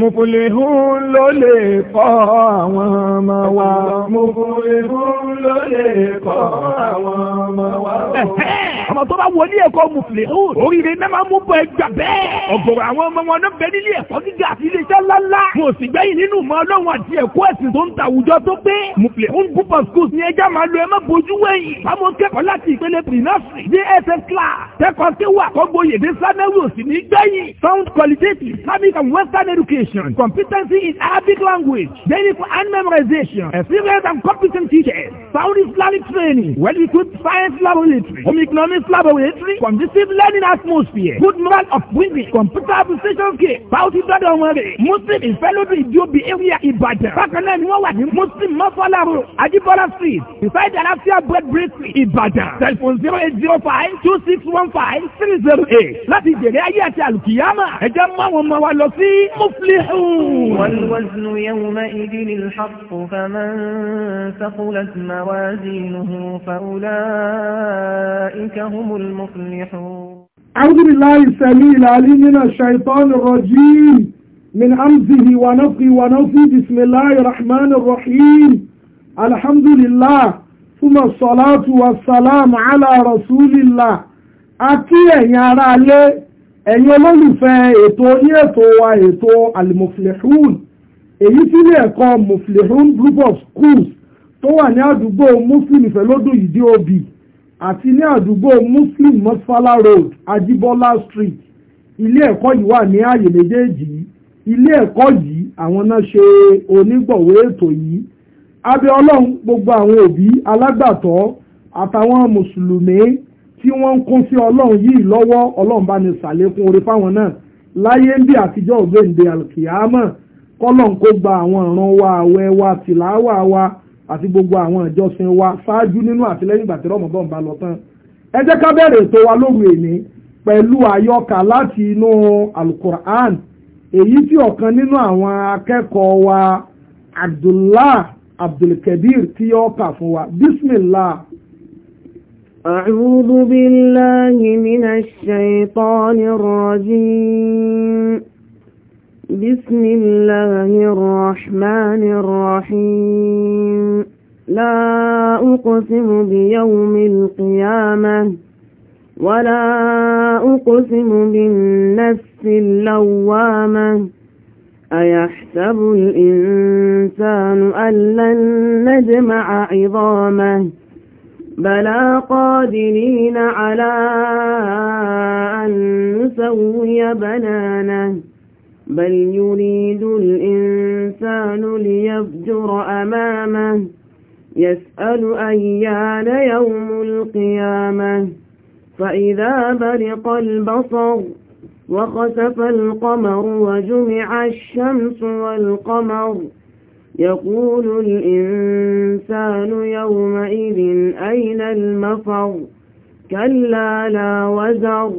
Mùfúlihún ló lè kọ́ àwọn ọmọ wa. Mùfúlihún ló lè kọ́ àwọn ọmọ wa àwọn tó bá wọlé ẹ̀kọ́ mùsùlùmí oríire náà máa mú bọ ẹgbà bẹ́ẹ̀. ọ̀gọ̀rọ̀ àwọn ọmọ wọn náà bẹ nílé ẹ̀kọ́ gíga àti iléeṣẹ́ ńláńlá. mo sì gbẹ́yìn nínú ìmọ̀ ọlọ́run àti ẹ̀kọ́ ẹ̀sìn tó ń ta àwùjọ tó pé. mùsùlùmí group of schools ni ẹja máa lo ẹ má bojú wẹ̀yìn. báwo kẹ́kọ̀ọ́ láti ìpele pre-nursery ní ss class. kẹ́kọ̀ọ́ sí wà kọ́gbọ́ yèdè sanẹ́wì òsì ní gbẹ̀yìn. sound qualitative Islamic and Western education competency in Arabic language meaningful and memorization experience and competent teachers sound Islamic training well-equipped science laboratory home economics collaboratory, conducive learning atmosphere, good moral of women, computer application care, bounty dọ́dọ̀ wọn rè. Muslim ìfẹ́lódù ìdíòbí area Ìbàdàn. Bákan náà ni wọ́n wà ní Muslim Mọ́fọ́lárò, Ajíbọ́lá street, beside Alafia bread bakery Ìbàdàn. Telephone zero eight zero five two six one five three zero eight. Láti jèrè ayé àti àlùkìyámà, ẹ jẹ́ mú àwọn ọmọ wa lọ sí Muflihu. والوزن يومئذ الحق فمن ثقلت موازينه فأولئك هم المفلحون أعوذ بالله السميع العليم من الشيطان الرجيم من أمزه ونفخه ونفخه بسم الله الرحمن الرحيم الحمد لله ثم الصلاة والسلام على رسول الله akí ẹ̀yin ará ilé ẹ̀yin olólùfẹ́ ètò ní ètò wa ètò al-muflihun èyí tí ilé ẹ̀kọ́ muflihun group of schools tó wà ní àdúgbò muslim ìfẹ́lódún ìdí òbí àti ní àdúgbò muslim mosfala road ajibola street ilé ẹ̀kọ́ yìí wà ní ààyè méjèèjì ilé ẹ̀kọ́ yìí àwọn náà ṣe onígbọ̀wé ètò yìí abẹ́ ọlọ́run gbogbo àwọn òbí alágbàtọ́ àtàwọn mùsùlùmí tí wọ́n ń kún sí ọlọ́run yìí lọ́wọ́ ọlọ́run bá ní sàlékún orí fáwọn náà láyé ń bí àtijọ́ ògbéǹde alkiyama kọ́lọ́n kó gba àwọn ọ̀ràn wa àwẹ̀ wa tìláwà wa àti gbogbo àwọn ìjọsìn wa ṣáájú nínú àti lẹ́yìn ìgbà tí rọmọdún bá lọ tán ẹ jẹ́ ká bẹ̀rẹ̀ ètò wa lóru èní pẹ̀lú àyọkà láti inú alukur'an èyí tí ọ̀kan nínú àwọn akẹ́kọ̀ọ́ wa abdullah abdulkadir tí yóò kà fún wa bismillah. أعوذ بالله من الشيطان الرجيم بسم الله الرحمن الرحيم لا أقسم بيوم القيامة ولا أقسم بالنفس اللوامة أيحسب الإنسان أن لن نجمع عظامه بلى قادرين على أن نسوي بنانه بل يريد الإنسان ليفجر أمامه يسأل أيان يوم القيامة فإذا برق البصر وخسف القمر وجمع الشمس والقمر يقول الإنسان يومئذ أين المفر كلا لا وزر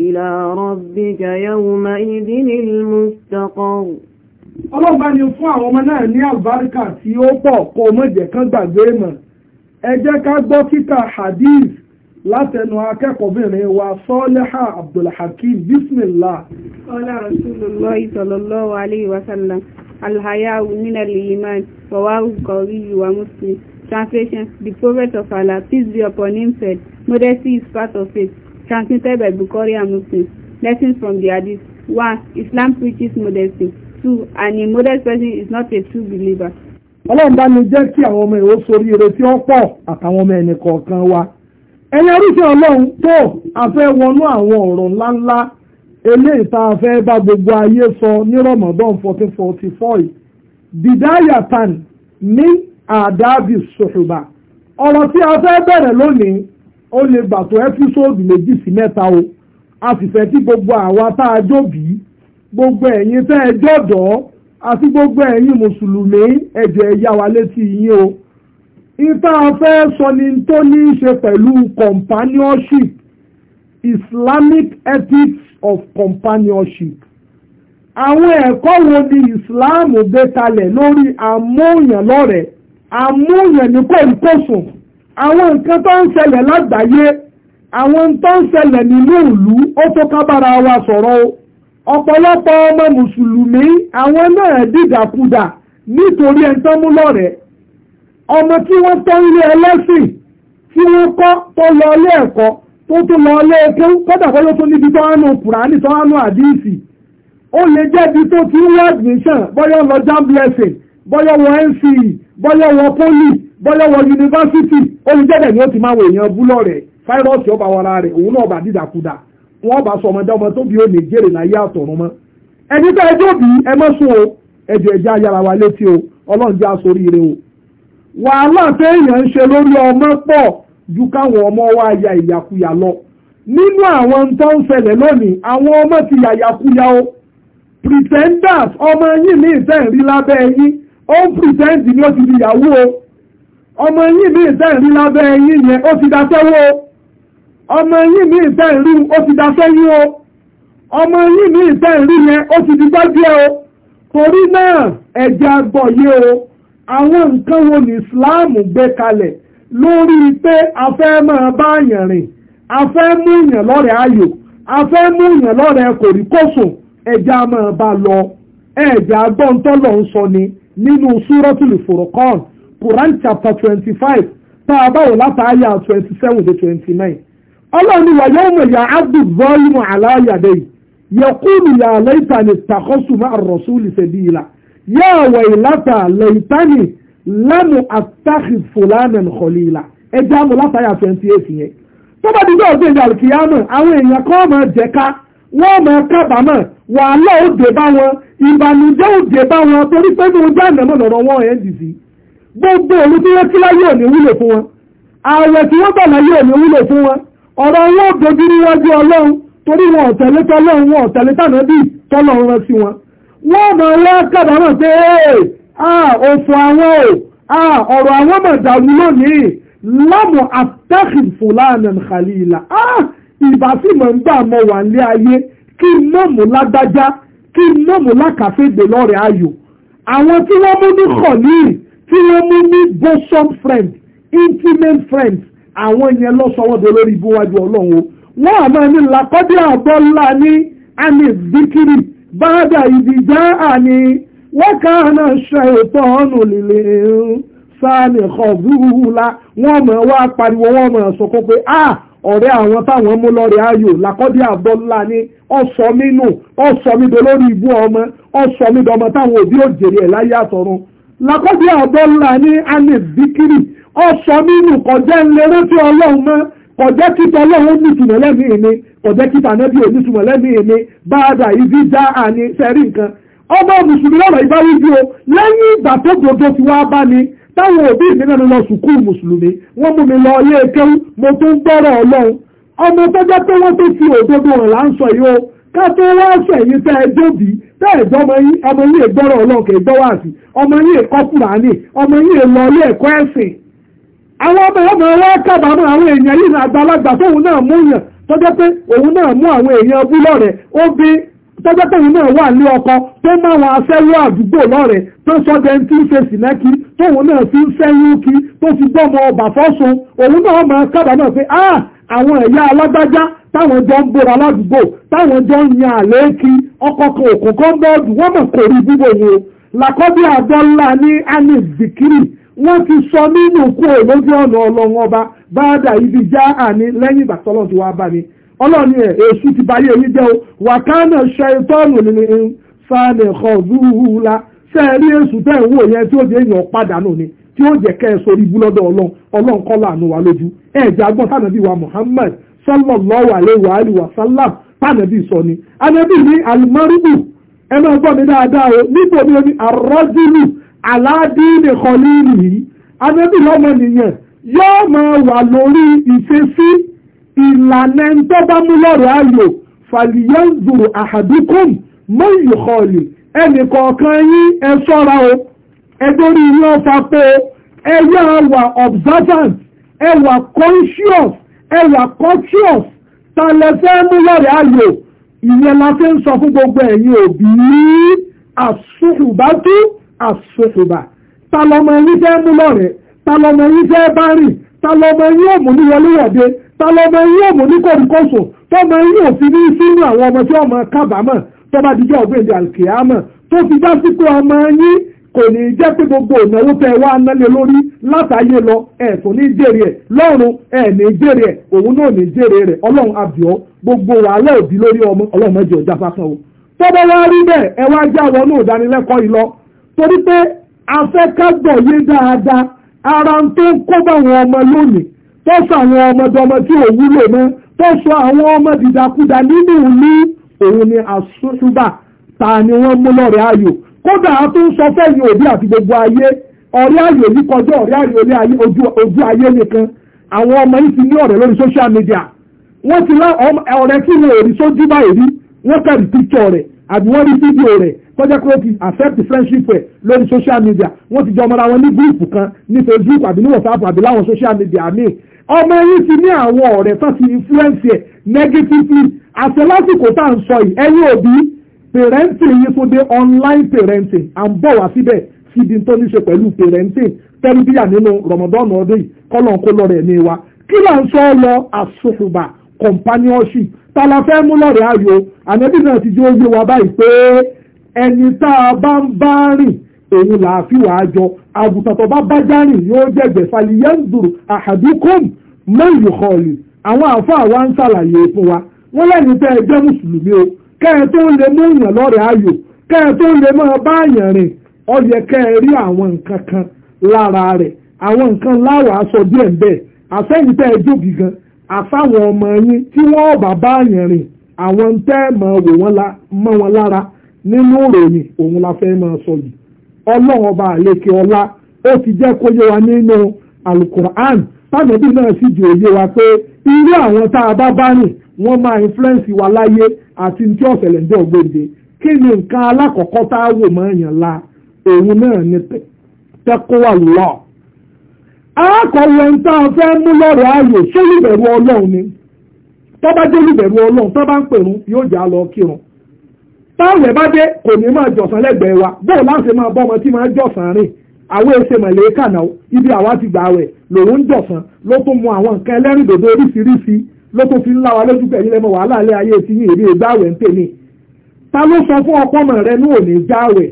إلى ربك يومئذ المستقر Ọlọ́run bá ni fún àwọn ọmọ náà ní àlùbáríkà tí ó pọ̀ kó mọ̀ jẹ́ kán gbàgbé mọ̀. Ẹ jẹ́ ká gbọ́ kíkà hadith látẹnu akẹ́kọ̀ọ́bìnrin wa Sọ́lẹ́hà Abdulhakeem Bismillah. Qala Rasulullah sallallahu alayhi wa sallam, Al-haya'u minal iman, wa Muslim. Translation: The Prophet of Allah, peace be upon him, said, Modesty is part of faith transmitted by Bukhari and Muslim. Lessons from the Hadith. 1. Islam preaches modesty. 2. An immodest person is not a true believer. Ọlọ́run bá mi jẹ́ kí àwọn ọmọ ìwọ sórí eré tí ó pọ̀ àtàwọn ọmọ ẹnì kọ̀ọ̀kan wa. Ẹni oríṣi Ọlọ́run tó afẹ́ wọnú àwọn ọ̀rọ̀ ńláńlá eléyìí tá a fẹ́ bá gbogbo ayé sọ ní Ramadan fourteen forty four yìí. Bìdáyàtàn ní àdábì ṣòṣùbà. Ọ̀rọ̀ tí a fẹ́ bẹ̀rẹ̀ lónìí ó lè gbà tó ẹ́písòdù méjì sí mẹ́ta o a sì fẹ́ kí gbogbo àwa tá a jòbí gbogbo ẹ̀yin tẹ́ ẹ jọ̀dọ̀ àti gbogbo ẹ̀yin mùsùlùmí ẹ̀jọ̀ ẹ̀yà wa létí yín o ìta fẹ́ sọ ni tó ní í ṣe pẹ̀lú companionship Islamic ethics of companionship àwọn ẹ̀kọ́ wo ni Islam gbé kalẹ̀ lórí amóhùnyàn lọ́rẹ̀ẹ́ amóhùnyàn ní kò ń kò sùn àwọn nǹkan tó ń ṣẹlẹ̀ lágbàáyé àwọn tó ń ṣẹlẹ̀ nínú ìlú ó tó kábàrà wa sọ̀rọ̀ o ọ̀pọ̀lọpọ̀ ọmọ mùsùlùmí àwọn náà dìdàkudà nítorí ẹ̀ńtọ́múlọ́rẹ̀ ọmọ tí wọ́n tọ́ ilé ẹlẹ́sìn tí wọ́n kọ́ tó lọ ilé ẹ̀kọ́ tó tún lọ ilé ẹ̀kọ́ kọ́dà kọ́ ló tún níbi tó hánú kùránì tó hánú àdìsí ó lè jẹ́ ibi tó ti ń wá admission bọ́yọ̀ lọ jamb blessing bọ́yọ̀ wọ nce bọ́yọ̀ wọ pólì bọ́yọ̀ wọ yunifásitì olùjẹ́dẹ̀ ni ó ti máa wọ èèyàn búlọ̀ rẹ̀ fáírọ́ọ̀sì ọba wara rẹ̀ òun náà bá dídàkudà wọ́n bá sọ ọmọdé ọmọ tó bí ó lè jèrè láyé àtọ̀run mọ́ ẹni tó ẹjọ́ bí ẹ mọ́ sún o ẹjọ́ ẹjẹ́ ayára wa létí o ọlọ́run jẹ́ o wàhálà ń lórí ọmọ pọ̀ ju káwọn ọmọ wa ya ìyàkuyà lọ nínú àwọn tó ń àwọn ọmọ ti ó ń pìrìsẹ́ǹtì ní ó di ìyàwó o ọmọ yín mi ìfẹ́ ìrí lábẹ́ yín yẹn ó ti daṣẹ́wó o ọmọ yín mi ìfẹ́ ìrí ó ti o ọmọ mi ìfẹ́ ìrí yẹn ó ti di o torí náà ẹ̀jẹ̀ agbọ̀yé o àwọn nǹkan wo Islam gbé kalẹ̀ lórí pé a fẹ́ máa bá yàn rìn a fẹ́ mú yàn lọ́rẹ̀ ayò a fẹ́ mú yàn lọ ẹ̀jẹ̀ ni. nínú súrọ́tùlù fòrọ̀kọ́n Quran chapter twenty five tá a bá wò látàáyà twenty seven to twenty nine ọlọ́run ni wàyà ọmọ ìyá abdul zọ́ọ́lùmọ̀ aláyàdé yẹkùnù yà lẹ́tàní takọ́sùmọ́ àròsúlì sẹ́bìlà yà wà ìlàtà lẹ́tàní lámù àtàkìs fúlànà kọ̀lìlà ẹjẹ́ àmọ́ látàáyà twenty eight yẹn tọ́ba dídọ́ ọ̀gbìn ìdàrú kìyàmù àwọn èèyàn kọ́ ọmọ jẹ́ka wọ́n mọ̀ kábàámọ̀ wàhálà ó dé bá wọn ìbànújẹ́ òdè bá wọn torí pé ní ojú àmì ọ̀rọ̀ wọn ẹ̀ ń dì sí gbogbo òru tí wọ́n kí láyé òní wúlò fún wọn ààrẹ tí wọ́n bàlá yé òní wúlò fún wọn ọ̀rọ̀ wọn ò dojú níwájú ọlọ́run torí wọn ò tẹ̀lé tọ́lọ́run wọn ò tẹ̀lé tànàbí tọ́lọ́run rán sí wọn wọ́n mọ̀ lọ́kàdá mọ̀ pé ah, òfò àwọn ò ah, ọ̀rọ̀ àwọn mọ̀ dàrú lónìí lámù àtẹ́kì fúlànà khalila ah, ìbásí mọ̀ ń bá mọ̀ wà ní ayé kí mọ̀mù lágbájá kí mọ́mù lákàfẹ́gbè lọ́rẹ̀ ayò àwọn tí wọ́n mú ní kọ̀líì tí wọ́n mú ní bosom friends intimate friends àwọn yẹn lọ́sọ̀wọ́dọ̀ lórí ibúwájú ọlọ́run o wọ́n àmọ́ ní làkọ́dé àbọ́lá ní àmì zikiri báadà ìdìjà àní wọ́n kàánà ṣe ètò ọ̀nù líle sáà nìkan zúrúhùlá wọ́n mọ̀ wá pariwo wọ́n mọ̀ sọ́kọ́ pé ah ọ̀rẹ́ àwọn táwọn mú lọ́rẹ̀ ayò làkọ́dí àbọ́lá ni ní mi nù ọ̀sọ́ ibu ọmọ ọmọ ọ̀sọ́ táwọn òbí òjèrè ẹ̀ láyé àtọ̀run làkọ́dí àbọ́lá zikiri ọ̀sọ́ kọjá ńlẹ́rẹ́ tí kọjá ọlọ́run kọjá já àní ọmọ mùsùlùmí lọ́rọ̀ ìbáwí bí o lẹ́yìn ìgbà tó táwọn òbí ìpínlẹ̀ náà lọ sùkúù mùsùlùmí wọ́n mú mi lọ ilé kéwú mo tó ń gbọ́rọ̀ ọlọ́run ọmọ tó jẹ́ pé wọ́n tó fi òdodo yìí o ká tó wá èyí tẹ́ ẹ ọmọ yìí gbọ́rọ̀ ọlọ́run kì í gbọ́ wá sí ọmọ yìí kọ́ ọmọ yìí lọ ilé ẹ̀kọ́ ẹ̀sìn àwọn ọmọ ọmọ kábàámọ̀ àwọn èèyàn yìí tọ́jọ́ tẹ̀yìn náà wà ní ọkọ tó máa wọn afẹ́rú àdúgbò lọ́rẹ̀ tó sọ́jẹ́ ń tí ń fèsì lẹ́kí tóun náà fi ń fẹ́yún kí tó fi gbọ́mọ ọba fọ́sùn òun náà máa kábà náà pé ah àwọn ẹ̀yà alágbájá táwọn jọ ń bóra ládùúgbò táwọn jọ ń yan àlẹ́ kí ọkọ̀ kan òkun kan bọ́ọ̀dù wọ́n mọ̀ kò rí bíbò yẹn làkọ́bí àdọ́là ní anis zikiri wọ́n ti sọ nínú kú òlójú ọ̀nà ọlọ́run ọba báadà ibi já àní lẹ́yìn ìgbà tọ́lọ́ ti wá bá mi ọlọ́ọ̀ni ẹ̀ èṣù ti bá yé yín jẹ́ o wàkánà ṣe ìtọ́nù ní sáàlẹ̀ ọ̀zúhùlá ṣe rí èṣù tẹ́ ń wò yẹn tí ó jẹ́ èèyàn pàdánù ni tí ó jẹ́ kẹ́ ẹ sórí ọlọ́run ọlọ́run kọ́ láàánú wa lójú ẹ̀ agbọ́n sànàbí wa Muhammad sallallahu alaihi wa alihi wa sallam sànàbí sọ ni anabi ní alimaribu ẹ máa gbọ́ mi dáadáa o níbo ni o arọ́júlù aládìní kọlíìlì yìí anabi lọ́mọ nìyẹn yóò máa wà lórí ìṣesí ìlànà ẹni tó bá mú lọ́rọ̀ ayò fàlìyẹ́nzù àhàdúkùn mọ́yì kọ́ọ̀lì ẹnì kọ̀ọ̀kan yín ẹ ṣọ́ra o ẹgbẹ́rí yín ọ̀fà pé ẹ yá wà observant ẹ wà conscious ẹ wà conscious ta lẹ fẹ́ mú lọ́rọ̀ ayò ìyẹn la fi ń sọ fún gbogbo ẹ̀yin òbí àsùnfùbá tú àsùnfùbá ta lọmọ yín fẹ́ mú lọ́rẹ̀ẹ́ ta lọmọ yín fẹ́ bá rìn ta lọmọ yín òmùníwọléwọ̀de ta lọmọ yín òmù ní kòríkòsò tọmọ yín òfin ní sínú àwọn ọmọ tí ọmọ kábàámọ̀ tó bá dijọ́ ọ̀gbìnrin àlùkìyàmọ̀ tó fi ọmọ yín kò ní jẹ́ pé gbogbo ìnáwó tẹ wá lórí lọ ẹ̀sùn ẹ̀ lọ́run ẹ̀ ẹ̀ òun náà ní rẹ̀ ọlọ́run gbogbo wàhálà òbí lórí ọmọ ọlọ́run mẹ́jọ ọjà tó sọ àwọn ọmọdọmọ tí ò wúlò mọ́ tó sọ àwọn ọmọ dìdàkudà nínú ìlú òun ni àsúnṣúbà ta ni wọ́n mú lọ́rẹ̀ ayò kódà a tún sọ fẹ́yìn òbí àti gbogbo ayé ọ̀rẹ́ ayò yìí kọjá ọ̀rẹ́ ayò ojú ayé nìkan àwọn ọmọ yìí ti ní ọ̀rẹ́ lórí social media wọ́n ti lá ọ̀rẹ́ tí wọn ò rí sójú báyìí rí wọ́n kàrí píkṣọ̀ rẹ̀ àbí wọ́n rí fídíò rẹ̀ kọjá pé ó ti accept friendship rẹ̀ lórí social media wọ́n ti jọ ọmọ ara wọn ní gúrùpù kan ní Facebook àbí ní WhatsApp àbí láwọn social media míì ọmọ yín ti ní àwọn ọ̀rẹ́ tó ti influence ẹ̀ negatively àti lásìkò tá à ń sọ yìí ẹ̀yin òbí parenting yín tó dé online parenting à ń bọ̀ wá síbẹ̀ síbi tó ní ṣe pẹ̀lú parenting tẹ́lifíyà nínú rọmọdọ́nù ọdún yìí kọ́lọ̀ ń kó lọ́rẹ̀ ní wa kí là ń sọ lọ àsopùbà companionship tá la fẹ́ mú lọ́rẹ̀ ayò ànábì náà ti jẹ́ oyé wa báyìí pé ẹni tá a bá ń bá rìn èyí làáfíwá àjọ àgùntàn tó bá bá járìn yóò jẹ̀gbẹ̀ fàlìyẹ́ ń dùrù mẹ́yìn kọ́ọ̀lì àwọn àáfàá wa ń ṣàlàyé fún wa wọ́n lẹ́yìn tẹ́ ẹ jẹ́ mùsùlùmí o kẹ́ẹ̀ tó ń lè mú èèyàn lọ́rẹ̀ẹ́ ayò kẹ́ẹ̀ tó ń lè máa bá èèyàn rìn ó yẹ kẹ́ rí àwọn nǹkan kan lára rẹ̀ àwọn nǹkan láwọ̀ aṣọ díẹ̀ tẹ́ ẹ jókì gan àfáwọn ọmọ yín tí wọ́n bá bá ma rìn àwọn wọn lára nínú ìròyìn òun la fẹ́ sọ yìí ọlọ́run ọba àlekè ọlá ó tàbí náà sì jù òye wa pé irú àwọn tá a bá bá rìn wọ́n máa influence wa láyé àti tí ọ̀sẹ̀lẹ̀ ń jẹ́ ògbóǹde kí ni nǹkan alákọ̀ọ́kọ́ tá a wò mọ́ èèyàn la òun náà ni tẹ́kọ̀wà lọ. alákọ̀ọ́wé ń tá a fẹ́ mú lọ́rọ̀ ààyè ṣé olùbẹ̀rù ọlọ́run ni tó bá jẹ́ olùbẹ̀rù ọlọ́run tó bá ń pèrún yóò jà lọ kírun táwọn ẹ̀ bá dé kò ní máa jọ̀sán lẹ́gbẹ̀ẹ́ wa bóò láti máa bọ́ ọmọ tí máa jọ̀sán rìn àwọn èsè mọ̀lẹ́kà náà ibi àwa ti gbà wẹ̀ lòun ń dọ̀sán ló tún mu àwọn nǹkan ẹlẹ́rìndòdò oríṣiríṣi ló tún fi ń láwa lójú pẹ̀lú ẹmọ wàhálà alẹ́ ayé ti yín èrè ìgbàwẹ̀ ń tèmi ta ló sọ fún ọkọ ọmọ rẹ ní òní jáwẹ̀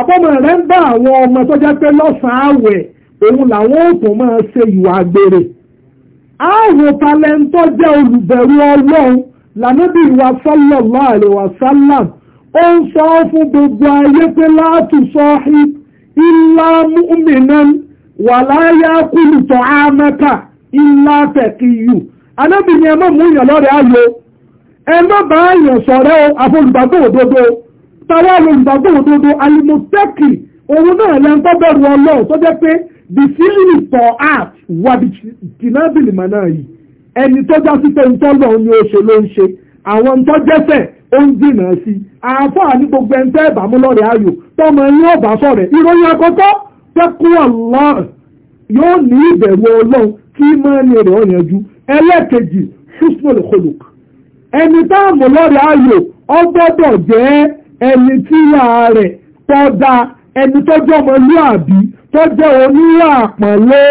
àbọ̀mọ̀ rẹ ń bá àwọn ọmọ tó jẹ́ pé lọ́sàn-án àwẹ̀ òun làwọn òògùn máa ṣe ìwà àgbèrè àrùn talẹ́ńtọ́ jẹ́ olùbẹ̀rù ọlọ́run lànàbí ìwà sallallahu alaihi wasallam ó ń sọ fún gbogbo ayé pé látùsọ́hìn ìlà múmìnán wà láyá kúlù tọ́ ámẹ́ta ìlà tẹ̀kìyù anábìnrin ẹmọ́ mú ìyàn lọ́rẹ̀ ayò ẹmọ́ bá yàn sọ̀rẹ́ o àfọlùgbàgbọ́ òdodo tàwọn olùgbàgbọ́ òdodo alimọ̀tẹ́kì òun náà lẹ́n tó bẹ̀rù ọlọ́run tó jẹ́ pé for art wà dìtìlábìlì mọ̀ náà yìí ẹni tó ni ó àwọn ń tọ́jẹ́sẹ̀ ó ń dìnà sí àáfàá ní gbogbo ẹni tẹ́ ẹ̀bà mú lọ́rẹ̀ ayò tọmọ yín ò bá sọ̀rẹ̀ ìròyìn àkọ́kọ́ tẹ́kùn Allah yóò ní ìbẹ̀rù ọlọ́run kí mọ́ni rẹ̀ ọ̀yànjú ẹlẹ́ẹ̀kejì husnul khuluq ẹni tá a mú lọ́rẹ̀ ayò ó gbọ́dọ̀ jẹ́ ẹni tíra rẹ̀ tọ́ da ẹni tó jẹ́ ọmọlúàbí tó jẹ́ oníwà àpọ̀lé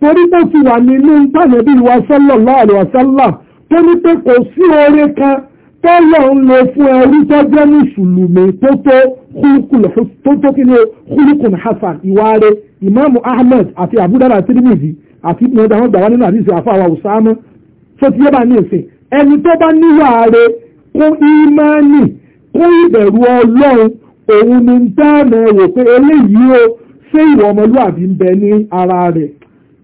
torí tó ti wà nínú tàbí ìwà sallallahu alaihi wasallam tó ní pé kò sí oore kan tọ́lọ̀ ń lo fún ẹrú tó jẹ́ mùsùlùmí tó tó kí ni hasan ìwáre ìmáàmù ahmed àti abudulayi tirimidi àti ìpínlẹ̀ àwọn gbàwá nínú àdìsí àfàwà ọ̀sáàmù tó ti yé bá ní ìsìn ẹni tó bá níwàáre kún ìmánì kún ìbẹ̀rù ọlọ́run òun ni ń dáàmú wò pé eléyìí o ṣé ìwà ọmọlúwàbí ń bẹ ní ara rẹ̀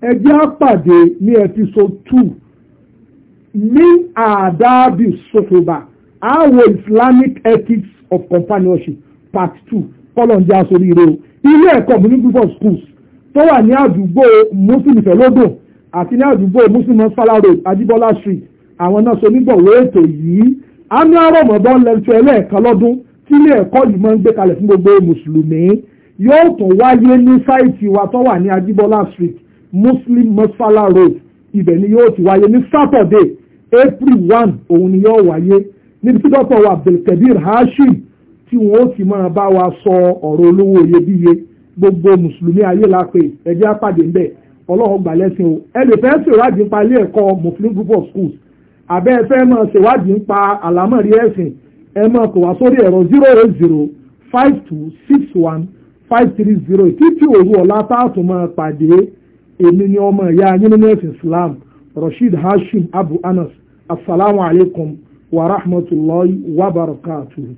ẹ jẹ́ á pàdé ní episode two ní àdábì sọ́tòbà àwọn islamic ethics of companionship part two kọ́lọ̀njẹ́ asoríire o ilé ẹ̀kọ́ mi ní group of schools tó wà ní àdúgbò muslim ìfẹ́lódò àti ní àdúgbò muslim mọ́sálà road adébọ́lá street àwọn náà so nígbọ̀wọ́ ètò yìí a ní àrọ̀mọ̀dọ́ lẹ́tọ́ ẹlẹ́ẹ̀kan lọ́dún tí ilé ẹ̀kọ́ yìí máa ń gbé kalẹ̀ fún gbogbo mùsùlùmí yóò tún wáyé ní sáìtì wa tó wà ní adébọ́lá street muslim mọ́sálà road ibẹ̀ ni yóò ti wáyé ní saturday april one òun ni yóò wáyé níbi tí dọ́tọ̀ abdulkadir hashim tí wọ́n ó ti máa bá wa sọ ọ̀rọ̀ olówó iyebíye gbogbo mùsùlùmí ayé la pé ẹ̀jẹ̀ apàdé ńbẹ̀ ọlọ́run gbà lẹ́sìn o ẹ lè ṣèwádìí nípa ilé ẹ̀kọ́ muslim group of schools àbẹ́ ẹ fẹ́ máa ṣèwádìí nípa àlámọ̀rí ẹ̀sìn ẹ máa kò wá sórí ẹ̀rọ zero eight zero five two six one five three zero títí òru ọ̀la táàtù máa pàdé èmi ni ọmọ ìyá yín nínú ẹ̀sìn islam rasheed hashim abu anas asalaamualeykum wa rahmatulahi wa barakatuhu.